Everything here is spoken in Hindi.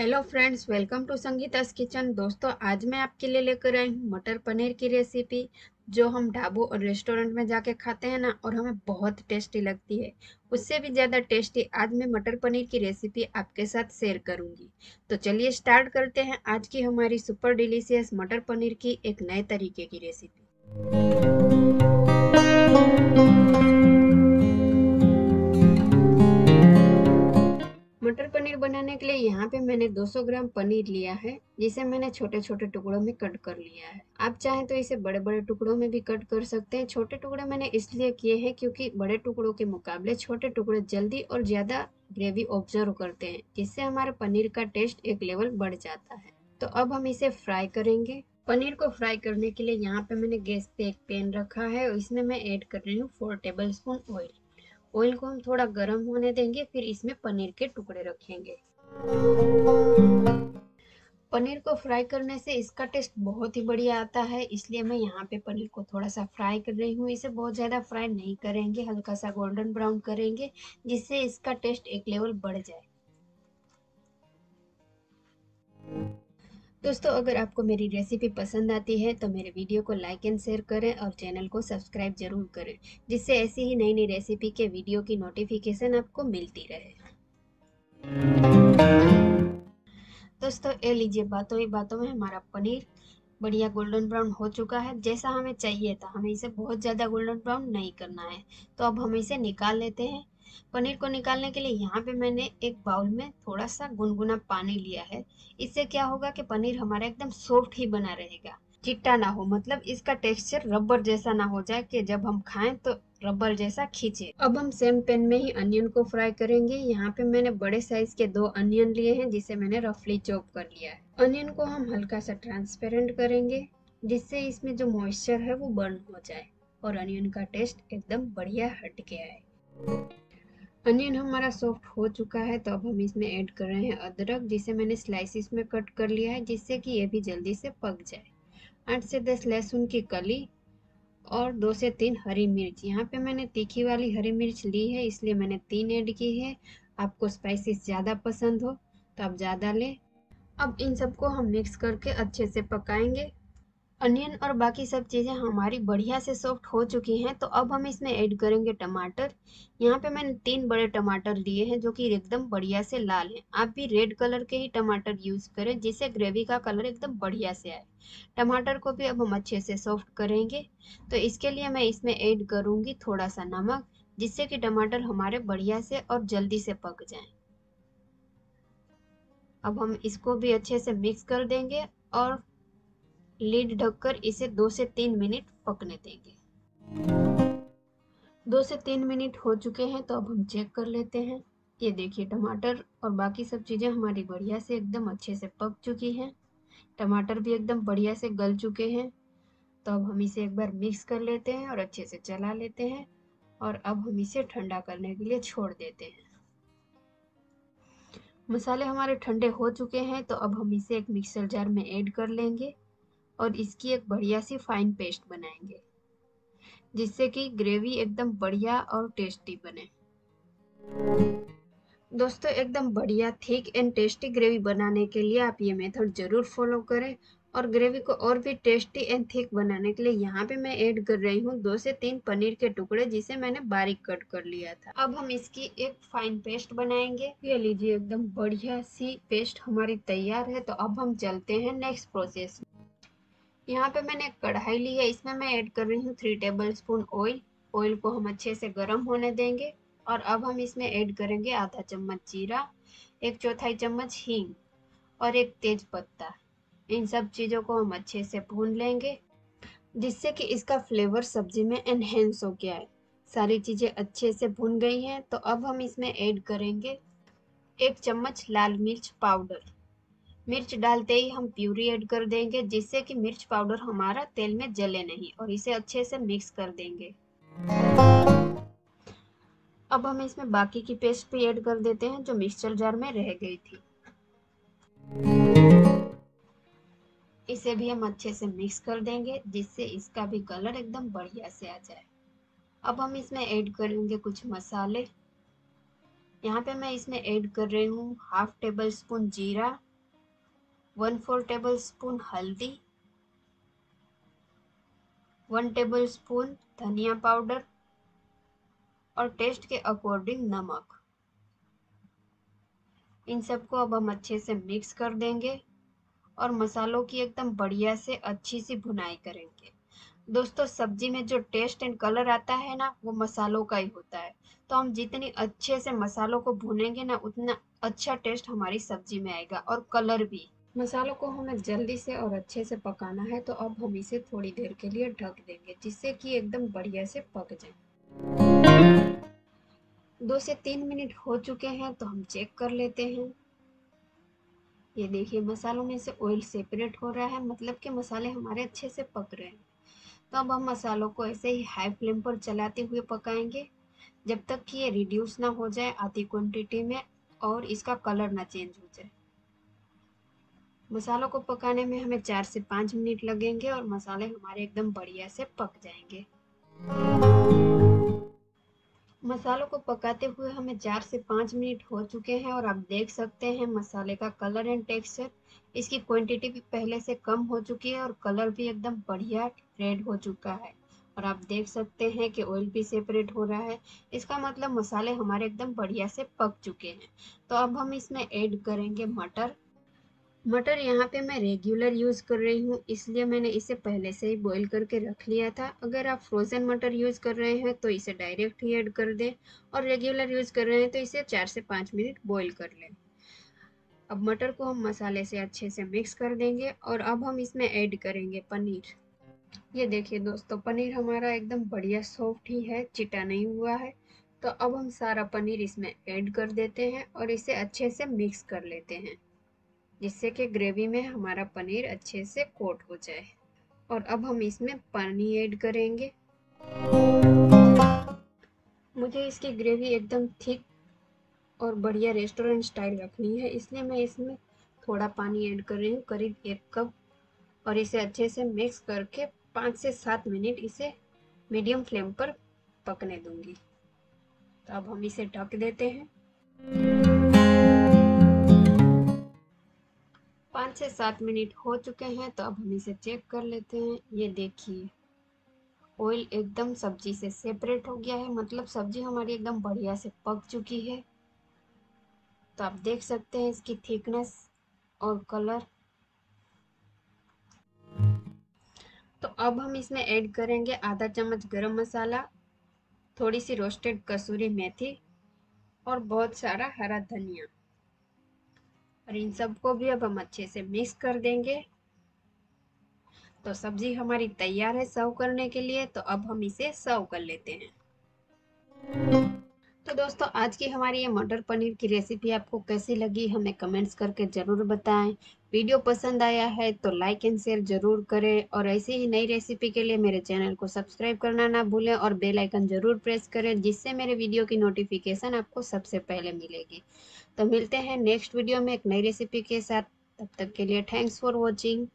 hello friends welcome to Sangeeta's kitchen दोस्तों आज मैं आपके लिए लेकर आई हूँ मटर पनीर की रेसिपी जो हम ढाबों और रेस्टोरेंट में जाके खाते हैं ना और हमें बहुत टेस्टी लगती है उससे भी ज़्यादा टेस्टी आज मैं मटर पनीर की रेसिपी आपके साथ शेयर करूँगी तो चलिए स्टार्ट करते हैं आज की हमारी सुपर डिलीशियस मटर पनीर की एक नए तरीके की रेसिपी मटर पनीर बनाने के लिए यहाँ पे मैंने 200 ग्राम पनीर लिया है जिसे मैंने छोटे छोटे टुकड़ों में कट कर लिया है आप चाहें तो इसे बड़े बड़े टुकड़ों में भी कट कर सकते हैं छोटे टुकड़े मैंने इसलिए किए हैं क्योंकि बड़े टुकड़ों के मुकाबले छोटे टुकड़े जल्दी और ज़्यादा ग्रेवी ऑब्जर्व करते हैं जिससे हमारे पनीर का टेस्ट एक लेवल बढ़ जाता है तो अब हम इसे फ्राई करेंगे पनीर को फ्राई करने के लिए यहाँ पे मैंने गैस पे एक पैन रखा है और इसमें मैं ऐड कर रही हूँ four tablespoon oil oil को हम थोड़ा गर्म होने देंगे फिर इसमें पनीर के टुकड़े रखेंगे पनीर को फ्राई करने से इसका टेस्ट बहुत ही बढ़िया आता है इसलिए मैं यहाँ पे पनीर को थोड़ा सा फ्राई कर रही हूँ इसे बहुत ज़्यादा फ्राई नहीं करेंगे हल्का सा गोल्डन ब्राउन करेंगे जिससे इसका टेस्ट एक लेवल बढ़ जाए दोस्तों अगर आपको मेरी रेसिपी पसंद आती है तो मेरे वीडियो को लाइक एंड शेयर करें और चैनल को सब्सक्राइब जरूर करें जिससे ऐसी ही नई नई रेसिपी के वीडियो की नोटिफिकेशन आपको मिलती रहे दोस्तों ये लीजिए बातों ही बातों में हमारा पनीर बढ़िया गोल्डन ब्राउन हो चुका है जैसा हमें चाहिए था हमें इसे बहुत ज़्यादा गोल्डन ब्राउन नहीं करना है तो अब हम इसे निकाल लेते हैं पनीर को निकालने के लिए यहाँ पे मैंने एक बाउल में थोड़ा सा गुनगुना पानी लिया है इससे क्या होगा कि पनीर हमारा एकदम सॉफ्ट ही बना रहेगा चिट्टा ना हो मतलब इसका टेक्सचर रबर जैसा ना हो जाए कि जब हम खाएं तो रबर जैसा खींचे अब हम सेम पैन में ही अनियन को फ्राई करेंगे यहाँ पे मैंने बड़े साइज के दो अनियन लिए हैं जिसे मैंने रफली चॉप कर लिया है अनियन को हम हल्का सा ट्रांसपेरेंट करेंगे जिससे इसमें जो मॉइस्चर है वो बर्न हो जाए और अनियन का टेस्ट एकदम बढ़िया हट गया है अनियन हमारा सॉफ्ट हो चुका है तो अब हम इसमें ऐड कर रहे हैं अदरक जिसे मैंने स्लाइसिस में कट कर लिया है जिससे कि ये भी जल्दी से पक जाए आठ से दस लहसुन की कली और दो से तीन हरी मिर्च यहाँ पे मैंने तीखी वाली हरी मिर्च ली है इसलिए मैंने तीन ऐड की है आपको स्पाइसिस ज़्यादा पसंद हो तो आप ज़्यादा लें अब इन सबको हम मिक्स करके अच्छे से पकाएंगे अनियन और बाकी सब चीज़ें हमारी बढ़िया से सॉफ्ट हो चुकी हैं तो अब हम इसमें ऐड करेंगे टमाटर यहाँ पे मैंने तीन बड़े टमाटर लिए हैं जो कि एकदम बढ़िया से लाल हैं आप भी रेड कलर के ही टमाटर यूज़ करें जिससे ग्रेवी का कलर एकदम बढ़िया से आए टमाटर को भी अब हम अच्छे से सॉफ्ट करेंगे तो इसके लिए मैं इसमें ऐड करूँगी थोड़ा सा नमक जिससे कि टमाटर हमारे बढ़िया से और जल्दी से पक जाएँ अब हम इसको भी अच्छे से मिक्स कर देंगे और लीड ढककर इसे दो से तीन मिनट पकने देंगे दो से तीन मिनट हो चुके हैं तो अब हम चेक कर लेते हैं ये देखिए टमाटर और बाकी सब चीज़ें हमारी बढ़िया से एकदम अच्छे से पक चुकी हैं टमाटर भी एकदम बढ़िया से गल चुके हैं तो अब हम इसे एक बार मिक्स कर लेते हैं और अच्छे से चला लेते हैं और अब हम इसे ठंडा करने के लिए छोड़ देते हैं मसाले हमारे ठंडे हो चुके हैं तो अब हम इसे एक मिक्सर जार में ऐड कर लेंगे और इसकी एक बढ़िया सी फाइन पेस्ट बनाएंगे जिससे कि ग्रेवी एकदम बढ़िया और टेस्टी बने दोस्तों एकदम बढ़िया थिक एंड टेस्टी ग्रेवी बनाने के लिए आप ये मेथड ज़रूर फॉलो करें और ग्रेवी को और भी टेस्टी एंड थिक बनाने के लिए यहाँ पे मैं ऐड कर रही हूँ दो से तीन पनीर के टुकड़े जिसे मैंने बारीक कट कर लिया था अब हम इसकी एक फाइन पेस्ट बनाएंगे ये लीजिए एकदम बढ़िया सी पेस्ट हमारी तैयार है तो अब हम चलते हैं नेक्स्ट प्रोसेस यहाँ पे मैंने एक कढ़ाई ली है इसमें मैं ऐड कर रही हूँ three tablespoon oil oil को हम अच्छे से गर्म होने देंगे और अब हम इसमें ऐड करेंगे आधा चम्मच जीरा एक चौथाई चम्मच हींग और एक तेज पत्ता इन सब चीज़ों को हम अच्छे से भून लेंगे जिससे कि इसका फ्लेवर सब्जी में एनहेंस हो गया है सारी चीज़ें अच्छे से भून गई हैं तो अब हम इसमें ऐड करेंगे एक चम्मच लाल मिर्च पाउडर मिर्च डालते ही हम प्यूरी ऐड कर देंगे जिससे कि मिर्च पाउडर हमारा तेल में जले नहीं और इसे अच्छे से मिक्स कर देंगे अब हम इसमें बाकी की पेस्ट भी ऐड कर देते हैं जो मिक्सचर जार में रह गई थी इसे भी हम अच्छे से मिक्स कर देंगे जिससे इसका भी कलर एकदम बढ़िया से आ जाए अब हम इसमें ऐड करेंगे कुछ मसाले यहाँ पे मैं इसमें ऐड कर रही हूँ हाफ टेबल स्पून जीरा वन फोर टेबल स्पून हल्दी वन टेबल स्पून धनिया पाउडर और टेस्ट के अकॉर्डिंग नमक इन सबको अब हम अच्छे से मिक्स कर देंगे और मसालों की एकदम बढ़िया से अच्छी सी भुनाई करेंगे दोस्तों सब्जी में जो टेस्ट एंड कलर आता है ना वो मसालों का ही होता है तो हम जितनी अच्छे से मसालों को भुनेंगे ना उतना अच्छा टेस्ट हमारी सब्जी में आएगा और कलर भी मसालों को हमें जल्दी से और अच्छे से पकाना है तो अब हम इसे थोड़ी देर के लिए ढक देंगे जिससे कि एकदम बढ़िया से पक जाए दो से तीन मिनट हो चुके हैं तो हम चेक कर लेते हैं ये देखिए मसालों में से ऑयल सेपरेट हो रहा है मतलब कि मसाले हमारे अच्छे से पक रहे हैं तो अब हम मसालों को ऐसे ही हाई फ्लेम पर चलाते हुए पकाएंगे जब तक कि ये रिड्यूस ना हो जाए आधी क्वांटिटी में और इसका कलर ना चेंज हो जाए मसालों को पकाने में हमें चार से पाँच मिनट लगेंगे और मसाले हमारे एकदम बढ़िया से पक जाएंगे मसालों को पकाते हुए हमें चार से पाँच मिनट हो चुके हैं और आप देख सकते हैं मसाले का कलर एंड टेक्सचर इसकी क्वांटिटी भी पहले से कम हो चुकी है और कलर भी एकदम बढ़िया रेड हो चुका है और आप देख सकते हैं कि ऑयल भी सेपरेट हो रहा है इसका मतलब मसाले हमारे एकदम बढ़िया से पक चुके हैं तो अब हम इसमें ऐड करेंगे मटर मटर यहाँ पे मैं रेगुलर यूज़ कर रही हूँ इसलिए मैंने इसे पहले से ही बॉईल करके रख लिया था अगर आप फ्रोज़न मटर यूज़ कर रहे हैं तो इसे डायरेक्ट ही ऐड कर दें और रेगुलर यूज़ कर रहे हैं तो इसे चार से पाँच मिनट बॉईल कर लें अब मटर को हम मसाले से अच्छे से मिक्स कर देंगे और अब हम इसमें ऐड करेंगे पनीर ये देखिए दोस्तों पनीर हमारा एकदम बढ़िया सॉफ्ट ही है चिटा नहीं हुआ है तो अब हम सारा पनीर इसमें ऐड कर देते हैं और इसे अच्छे से मिक्स कर लेते हैं जिससे कि ग्रेवी में हमारा पनीर अच्छे से कोट हो जाए और अब हम इसमें पानी ऐड करेंगे मुझे इसकी ग्रेवी एकदम थिक और बढ़िया रेस्टोरेंट स्टाइल रखनी है इसलिए मैं इसमें थोड़ा पानी ऐड कर रही हूँ करीब एक कप और इसे अच्छे से मिक्स करके पाँच से सात मिनट इसे मीडियम फ्लेम पर पकने दूंगी तो अब हम इसे ढक देते हैं पाँच से सात मिनट हो चुके हैं तो अब हम इसे चेक कर लेते हैं ये देखिए ऑयल एकदम सब्जी से सेपरेट हो गया है मतलब सब्जी हमारी एकदम बढ़िया से पक चुकी है तो आप देख सकते हैं इसकी थिकनेस और कलर तो अब हम इसमें ऐड करेंगे आधा चम्मच गरम मसाला थोड़ी सी रोस्टेड कसूरी मेथी और बहुत सारा हरा धनिया और इन सब को भी अब हम अच्छे से मिक्स कर देंगे तो सब्जी हमारी तैयार है सर्व करने के लिए तो अब हम इसे सर्व कर लेते हैं तो दोस्तों आज की हमारी ये मटर पनीर की रेसिपी आपको कैसी लगी हमें कमेंट्स करके ज़रूर बताएं वीडियो पसंद आया है तो लाइक एंड शेयर ज़रूर करें और ऐसे ही नई रेसिपी के लिए मेरे चैनल को सब्सक्राइब करना ना भूलें और बेल आइकन ज़रूर प्रेस करें जिससे मेरे वीडियो की नोटिफिकेशन आपको सबसे पहले मिलेगी तो मिलते हैं नेक्स्ट वीडियो में एक नई रेसिपी के साथ तब तक के लिए थैंक्स फॉर वॉचिंग